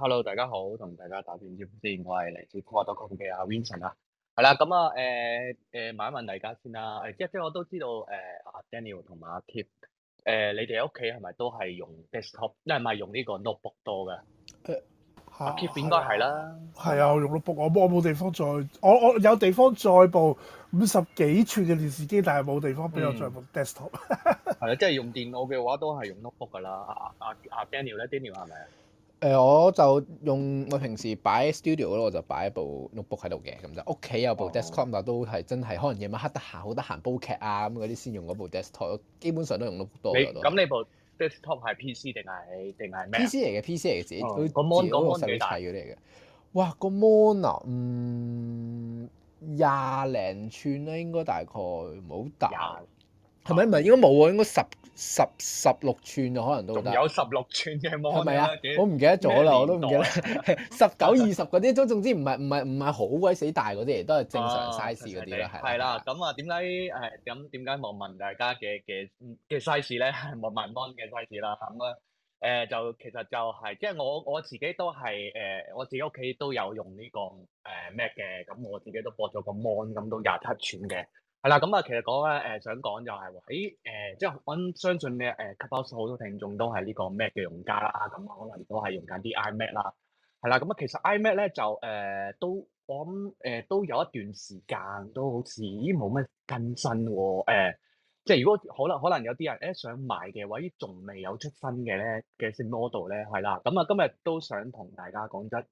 Hello，大家好，同大家打連接先知知我的的，我係嚟自科德康嘅阿 Vincent 啊，係、嗯、啦，咁、嗯、啊，誒誒問一問大家先啦，誒即即我都知道誒阿、嗯、Daniel 同埋阿 Kip 誒、呃、你哋屋企係咪都係用 desktop，你、嗯、係咪用呢個 notebook 多嘅？阿、啊、Kip 應該係啦，係啊，我用 notebook，我我冇地方再，我我有地方再部五十幾寸嘅電視機，但係冇地方俾我再部 desktop，係 啦，即係用電腦嘅話都係用 notebook 噶啦，阿阿阿 Daniel 咧，Daniel 係咪？誒我就用我平時擺 studio 咯，我就擺一部 notebook 喺度嘅，咁就屋企有部 desktop，哦、但都係真係可能夜晚黑得閒，好得閒煲劇啊咁嗰啲先用嗰部 desktop 咯，基本上都用 notebook 多咗。咁你，你部 desktop 係 PC 定係定係咩？PC 嚟嘅，PC 嚟嘅自己，佢自己設計嘅。哇，個 mon 啊，嗯，廿零寸咧、啊，應該大概唔好大。係咪唔係應該冇喎？應該十十十六寸就可能都有十六寸嘅 Mon。係咪啊？我唔記得咗啦，我都唔記得。十九、二十嗰啲都，總之唔係唔係唔係好鬼死大嗰啲嚟，都係正常 size 嗰啲啦。係啦，咁啊點解？誒咁點解望問大家嘅嘅嘅 size 咧？望問 Mon 嘅 size 啦。咁咧誒就其實就係即係我我自己都係誒我自己屋企都有用呢個誒 Mac 嘅，咁我自己都駁咗個 Mon，咁都廿七寸嘅。係啦，咁啊，其實講咧，誒、呃，想講就係、是、喎，喺、欸、誒、呃，即係我、嗯、相信咧，誒 Apple 好多聽眾都係呢個 Mac 嘅用家啦，咁、嗯、可能都係用緊啲 iMac 啦，係啦，咁、嗯、啊，其實 iMac 咧就誒、呃，都我諗，誒、嗯呃，都有一段時間都好似咦，冇乜更新喎，誒、欸，即係如果可能，可能有啲人誒想買嘅話，依仲未有出新嘅咧嘅新 model 咧，係啦，咁啊、嗯嗯，今日都想同大家講一誒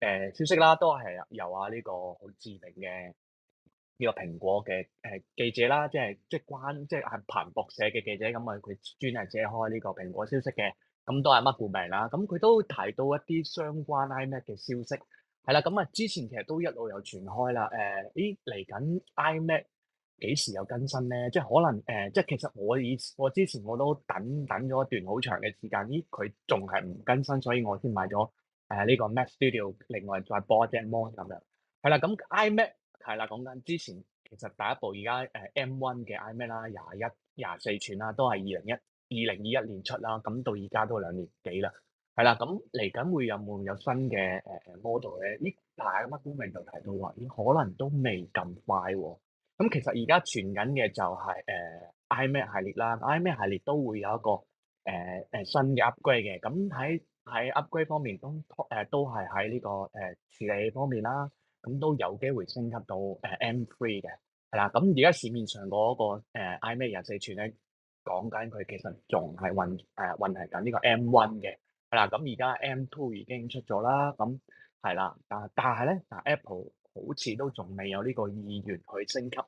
誒消息啦，都係由啊呢個好知名嘅。呢個蘋果嘅誒記者啦，即係即係關即係彭博社嘅記者，咁啊佢專係寫開呢個蘋果消息嘅，咁都係乜故名啦。咁佢都提到一啲相關 iMac 嘅消息，係啦。咁啊，之前其實都一路有傳開啦。誒、呃，咦嚟緊 iMac 幾時有更新咧？即係可能誒、呃，即係其實我以我之前我都等等咗一段好長嘅時間，咦佢仲係唔更新，所以我先買咗誒呢個 Mac Studio，另外再播一隻 Mon 咁樣。係啦，咁、嗯、iMac。嗯嗯嗯嗯嗯嗯係啦，講緊之前其實第一部而家誒 M1 嘅 iMac 啦，廿一、廿四寸啦，都係二零一、二零二一年出啦，咁到而家都兩年幾啦。係啦，咁嚟緊會有冇有，有新嘅誒 model 咧？呢排乜古明就提到話，可能都未咁快喎。咁其實而家傳緊嘅就係誒 iMac 系列啦，iMac 系列都會有一個誒誒新嘅 upgrade 嘅。咁喺喺 upgrade 方面都誒都係喺呢個誒處、呃、理方面啦。咁都有機會升級到誒 M3 嘅，係啦。咁而家市面上嗰個誒 iMac 廿四寸咧，講緊佢其實仲係運誒運喺緊呢個 M1 嘅，係啦。咁而家 M2 已經出咗啦，咁係啦。但係但係咧，但係 Apple 好似都仲未有呢個意願去升級誒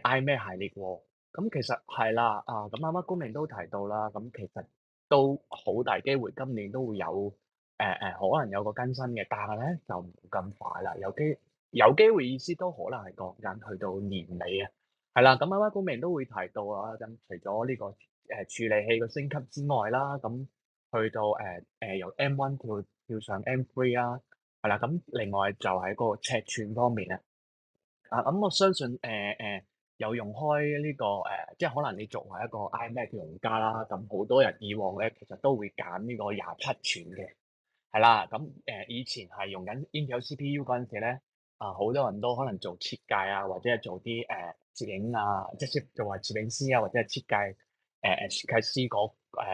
iMac 系列喎。咁其實係啦，啊咁啱啱高明都提到啦，咁其實都好大機會今年都會有。誒誒、啊，可能有個更新嘅，但係咧就唔咁快啦。有機有機會意思都可能係講緊去到年尾啊，係啦。咁啱啱高明都會提到啊，咁除咗呢個誒處理器個升級之外啦，咁、啊、去到誒誒由 M1 跳跳上 M3 啊，係啦。咁另外就喺個尺寸方面咧，啊咁我相信誒誒有用開呢、這個誒、啊，即係可能你作為一個 iMac 用家啦，咁、啊、好、嗯、多人以往咧其實都會揀呢個廿七寸嘅。係啦，咁誒、嗯、以前係用緊 Intel CPU 嗰陣時咧，啊好多人都可能做設計啊，或者係做啲誒攝影啊，即係攝，又話攝影師啊，或者係設計誒、呃、設計師嗰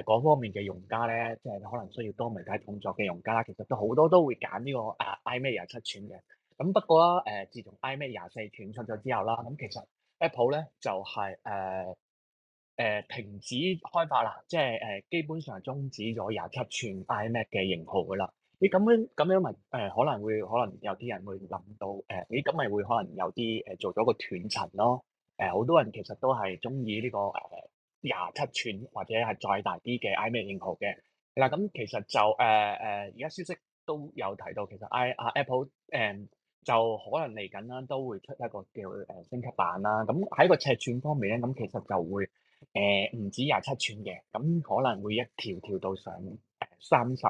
誒方面嘅用家咧，即係可能需要多媒體動作嘅用家啦，其實都好多都會揀呢、這個啊 iMac 廿七寸嘅，咁不過啦誒、呃，自從 iMac 廿四寸出咗之後啦，咁其實 Apple 咧就係、是、誒。呃誒停止開發啦，即係誒基本上係中止咗廿七寸 iMac 嘅型號噶啦。你、欸、咁樣咁樣咪、就、誒、是、可能會可能，會、欸、會可能有啲人會諗到誒，你咁咪會可能有啲誒做咗個斷層咯。誒、欸、好多人其實都係中意呢個誒廿七寸或者係再大啲嘅 iMac 型號嘅。嗱、嗯、咁其實就誒誒而家消息都有提到，其實 i 啊 Apple 誒、嗯、就可能嚟緊啦，都會出一個叫誒升級版啦。咁、嗯、喺個尺寸方面咧，咁其實就會。誒，唔、呃、止廿七寸嘅，咁、嗯、可能會一條條到上三十，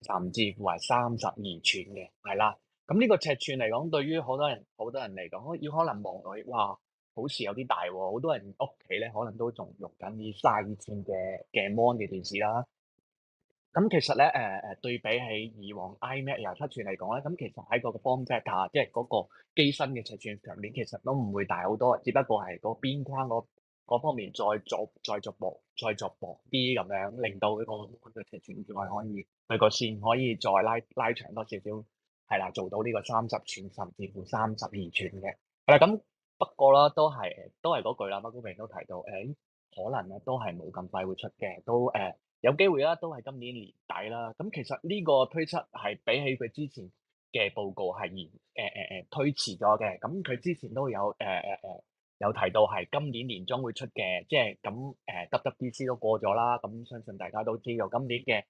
甚至乎係三十二寸嘅，係啦。咁、嗯、呢、嗯，這個尺寸嚟講，對於好多人好多人嚟講，要可能望落去，哇，好似有啲大、哦。好多人屋企咧，可能都仲用緊啲三寸嘅嘅 mon 嘅電視啦。咁、嗯嗯、其實咧，誒、呃、誒、呃，對比起以往 iMac 廿七寸嚟講咧，咁、嗯嗯、其實喺個 form factor 即係嗰個機身嘅尺寸上面，其實都唔會大好多，只不過係個邊框嗰方面再做再逐步再逐步啲咁樣，令到呢、這個尺寸嘅全可以個線可以再拉拉長多少少，係啦，做到呢個三十寸甚至乎三十二寸嘅。係啦，咁不過啦，都係都係嗰句啦，馬高平都提到誒、呃，可能咧都係冇咁快會出嘅，都誒、呃、有機會啦，都係今年年底啦。咁其實呢個推出係比起佢之前嘅報告係延誒誒誒推遲咗嘅，咁佢之前都有誒誒誒。呃呃呃有提到係今年年中會出嘅，即係咁誒，WWDC 都過咗啦。咁相信大家都知，由今年嘅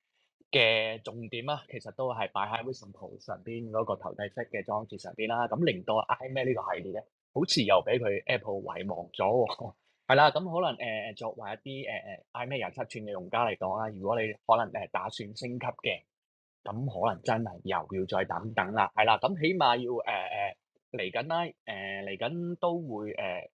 嘅重點啊，其實都係擺喺 Apple 上邊嗰個頭戴式嘅裝置上邊啦。咁令到 iMac 呢個系列咧，好似又俾佢 Apple 遺忘咗喎。係啦，咁可能誒作為一啲誒誒 iMac 廿七寸嘅用家嚟講啊，如果你可能誒打算升級嘅，咁可能真係又要再等等啦。係啦，咁起碼要誒誒嚟緊啦，誒嚟緊都會誒。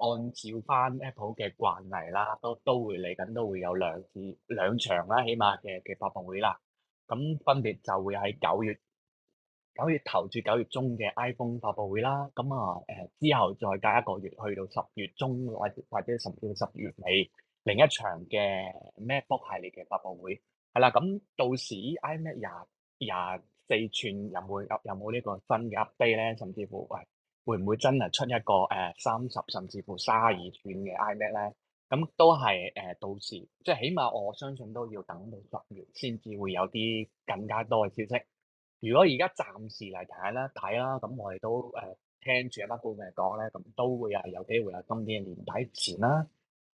按照翻 Apple 嘅慣例啦，都都會嚟緊都會有兩次兩場啦，起碼嘅嘅發佈會啦。咁分別就會喺九月九月頭至九月中嘅 iPhone 發佈會啦。咁啊，誒之後再隔一個月去到十月中或者或者甚至十月尾另一場嘅 MacBook 系列嘅發佈會係啦。咁到時 iMac 廿廿四寸有冇有冇呢個新嘅 update 咧？甚至乎喂～會唔會真係出一個誒三十甚至乎卅二寸嘅 iMac 咧？咁都係誒、呃、到時，即係起碼我相信都要等到十月先至會有啲更加多嘅消息。如果而家暫時嚟睇咧睇啦，咁我哋都誒、呃、聽住阿乜高明講咧，咁都會係有機會喺今年嘅年底前啦，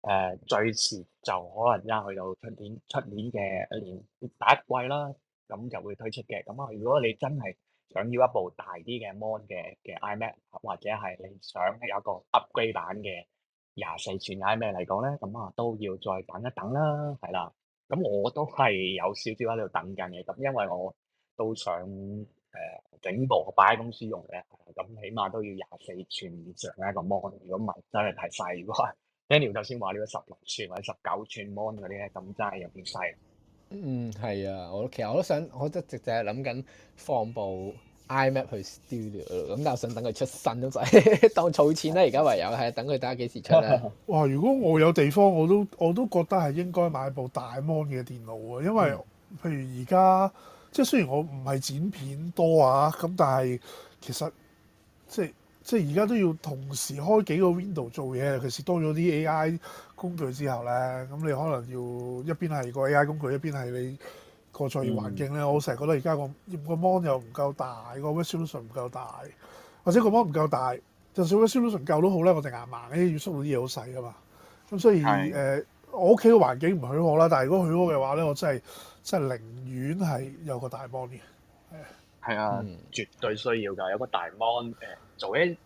誒、呃、最遲就可能而家去到出年出年嘅年第一季啦，咁就會推出嘅。咁啊，如果你真係～想要一部大啲嘅 Mon 嘅嘅 iMac，或者係你想有一個 upgrade 版嘅廿四寸 iMac 嚟講咧，咁啊都要再等一等啦，係啦。咁我都係有少少喺度等緊嘅，咁因為我都想誒、呃、整部擺喺公司用嘅，咁起碼都要廿四寸以上嘅一個 Mon，如果唔係真係太細。如果 Daniel 頭先話呢個十六寸或者十九寸 Mon 嗰啲咧，咁真係有啲細。嗯，係啊，我其實我都想，我都一直就係諗緊放部 iMac 去 studio，咁但係想等佢出新都使當儲錢咧，而家唯有係等佢睇下幾時出啦。哇，如果我有地方，我都我都覺得係應該買部大 mon 嘅電腦啊，因為譬如而家即係雖然我唔係剪片多啊，咁但係其實即係。即係而家都要同時開幾個 window 做嘢，尤其是多咗啲 AI 工具之後咧，咁你可能要一邊係個 AI 工具，一邊係你個作業環境咧。我成日覺得而家個個 mon 又唔夠大，個 resolution 唔夠大，或者個 mon 唔夠大，就算 resolution 夠都好咧。我哋硬盲，啲要縮到啲嘢好細㗎嘛。咁所以，誒，我屋企嘅環境唔許我啦，但係如果許我嘅話咧，我真係真係寧願係有個大 mon 嘅。係啊，絕對需要㗎，有個大 mon 誒。做一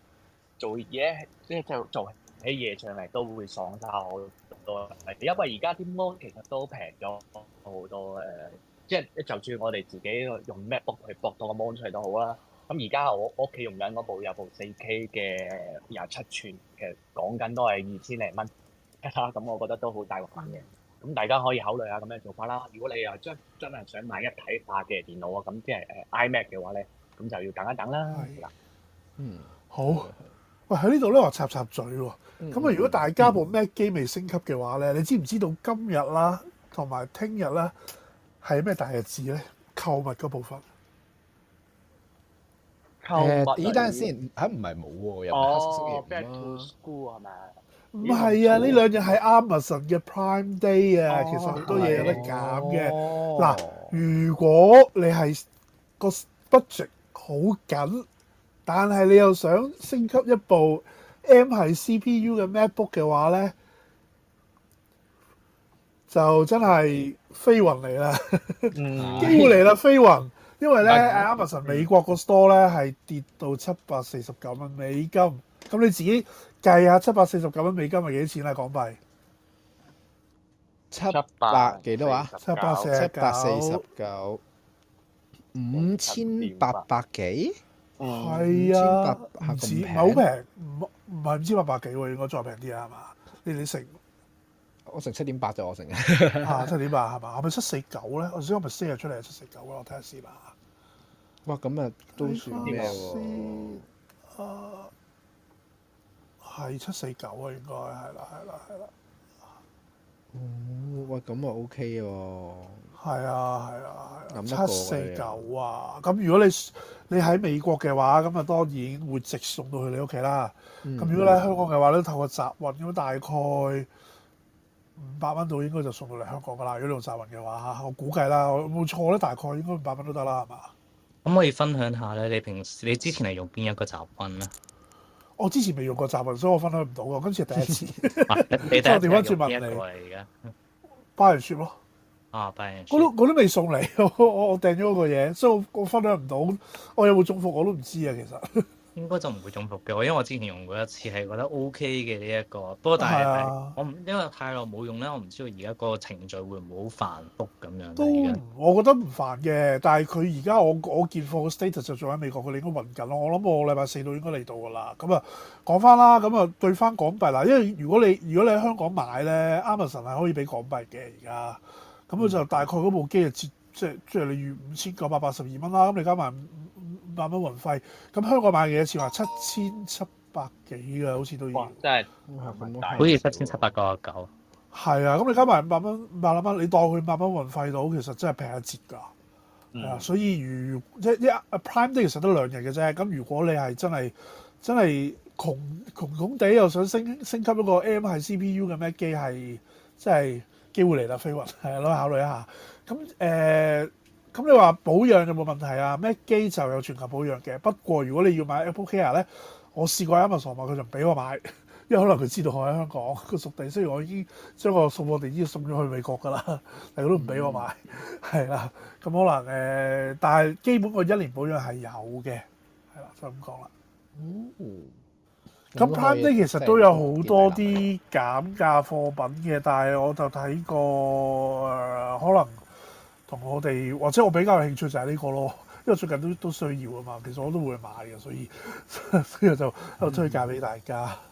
做嘢，即係就做起嘢上嚟都會爽曬好多，因為而家啲 mon 其實都平咗好多誒，即係就算我哋自己用 MacBook 去駁到個 mon 出嚟都好啦。咁而家我我屋企用緊嗰部有部 4K 嘅廿七寸，其實講緊都係二千零蚊啦。咁我覺得都好大個反嘅。咁大家可以考慮下咁樣做法啦。如果你又將真係想買一體化嘅電腦啊，咁即係誒 iMac 嘅話咧，咁就要等一等啦。係啦。嗯，好。喂，喺呢度咧，我插插嘴喎、哦。咁啊、嗯，如果大家部 Mac 機未升級嘅話咧，你知唔知道今日啦，同埋聽日咧係咩大日子咧？購物嗰部分。購物。誒，等先。吓，唔係冇喎，入。Back to school 係咪？唔係啊，呢兩日係 Amazon 嘅 Prime Day 啊，oh, 其實好多嘢有得減嘅。嗱、oh, 哦，如果你係個 budget 好緊，但係你又想升級一部 M 係 CPU 嘅 MacBook 嘅話呢，就真係飛雲嚟啦，機會嚟啦飛雲，因為呢 Amazon 美國個 store 呢係跌到、啊、七百多多七百四十九蚊美金，咁你自己計下七百四十九蚊美金係幾錢啊港幣？七百幾多呀？七百四十九五千八百幾？係、哦、啊，唔止，唔係好平，唔唔係五千八百幾喎，應該再平啲 啊，係嘛？你哋食？我食七點八就我食。啊，七點八係嘛？係咪七四九咧？我想唔咪先，h 出嚟七四九啊，我睇下先啦。哇，咁啊，都算啲係七四九啊，應該係啦，係啦、啊，係啦、啊。啊、哦，咁啊 OK 啊。係啊，係啊。七四九啊！咁、嗯、如果你你喺美國嘅話，咁啊當然會直送到去你屋企啦。咁如果你喺香港嘅話咧，透過集運咁大概五百蚊度應該就送到嚟香港噶啦。如果你用集運嘅話吓，我估計啦冇錯咧，大概應該五百蚊都得啦，係嘛？咁可以分享下咧，你平時你之前係用邊一個集運咧？我之前未用過集運，所以我分享唔到嘅。今次係第一次。你、 啊、你第一次嚟嘅？巴人雪咯。啊啊！嗰都都未送嚟，我我我訂咗嗰個嘢，所以我，我分享唔到。我，我有冇中伏我都唔知啊。其實應該就唔會中伏嘅，因為我之前用過一次係覺得 O K 嘅呢一個。不過但係、啊、我因為太耐冇用咧，我唔知道而家嗰個程序會唔會好繁複咁樣。都在我覺得唔煩嘅，但係佢而家我我件貨嘅 status 就仲喺美國，佢哋應該運緊咯。我諗我禮拜四都應該嚟到噶啦。咁啊講翻啦，咁啊兌翻港幣嗱，因為如果你如果你喺香港買咧，Amazon 係可以俾港幣嘅而家。咁佢、嗯、就大概嗰部機就折，即係即係你預五千九百八十二蚊啦，咁你加埋五百蚊運費，咁香港買嘢似話七千七百幾嘅，好似都要，經真係好似七千七百九十九，係啊、嗯，咁、嗯、你加埋五百蚊五百零蚊，你當佢五百蚊運費到，其實真係平一折㗎，係啊、嗯，所以如即係一 Prime Day，其實得兩日嘅啫。咁如果你係真係真係窮窮窮地又想升升級一個 M 系 CPU 嘅 Mac 機係真係。機會嚟啦，飛雲係咯，考慮一下。咁誒，咁、呃、你話保養有冇問題啊？咩機就有全球保養嘅。不過如果你要買 Apple Care 咧，我試過有一問傻問佢就唔俾我買，因為可能佢知道我喺香港，佢屬地。雖然我已經將個送貨地點送咗去美國㗎啦，但佢都唔俾我買。係啦，咁可能誒、呃，但係基本我一年保養係有嘅。係啦，就咁講啦。嗯。咁 Prime 呢，其實都有好多啲減價貨品嘅，但係我就睇過誒、呃，可能同我哋或者我比較有興趣就係呢個咯，因為最近都都需要啊嘛，其實我都會買嘅，所以所以 就喺度推介俾大家。嗯